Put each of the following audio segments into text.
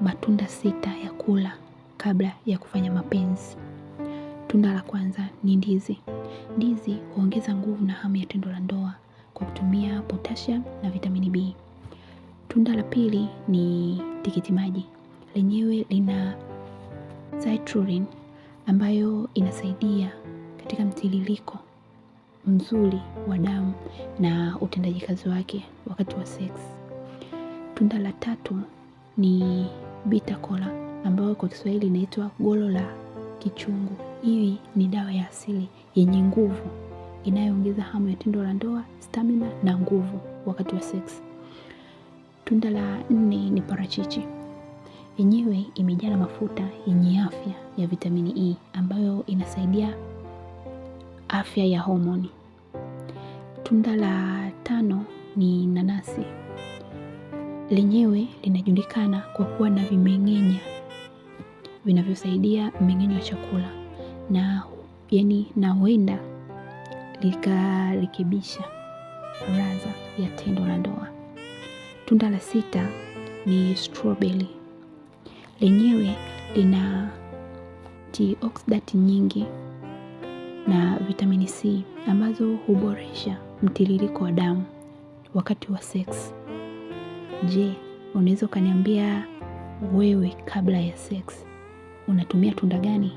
matunda sita ya kula kabla ya kufanya mapenzi. Tunda la kwanza ni ndizi. Ndizi huongeza nguvu na hamu ya tendo la ndoa kwa kutumia potassium na vitamini B. Tunda la pili ni tikiti maji. Lenyewe lina citrulline ambayo inasaidia katika mtiririko mzuri wa damu na utendaji kazi wake wakati wa sex. Tunda la tatu ni bita kola ambayo kwa Kiswahili inaitwa golo la kichungu. Hii ni dawa ya asili yenye nguvu inayoongeza hamu ya tendo la ndoa, stamina na nguvu wakati wa sex. Tunda la nne ni parachichi. Yenyewe imejaa na mafuta yenye afya ya vitamini E ambayo inasaidia afya ya homoni. Tunda la tano ni nanasi lenyewe linajulikana kwa kuwa na vimeng'enya vinavyosaidia mmeng'enyo wa chakula na yani na huenda likarekebisha raza ya tendo la ndoa. Tunda la sita ni strawberry. Lenyewe lina antioxidant nyingi na vitamini C ambazo huboresha mtiririko wa damu wakati wa sex. Je, unaweza ukaniambia wewe kabla ya sex unatumia tunda gani?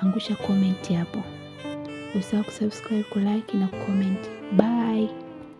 Angusha comment hapo. Usahau kusubscribe, kulike na comment. Bye.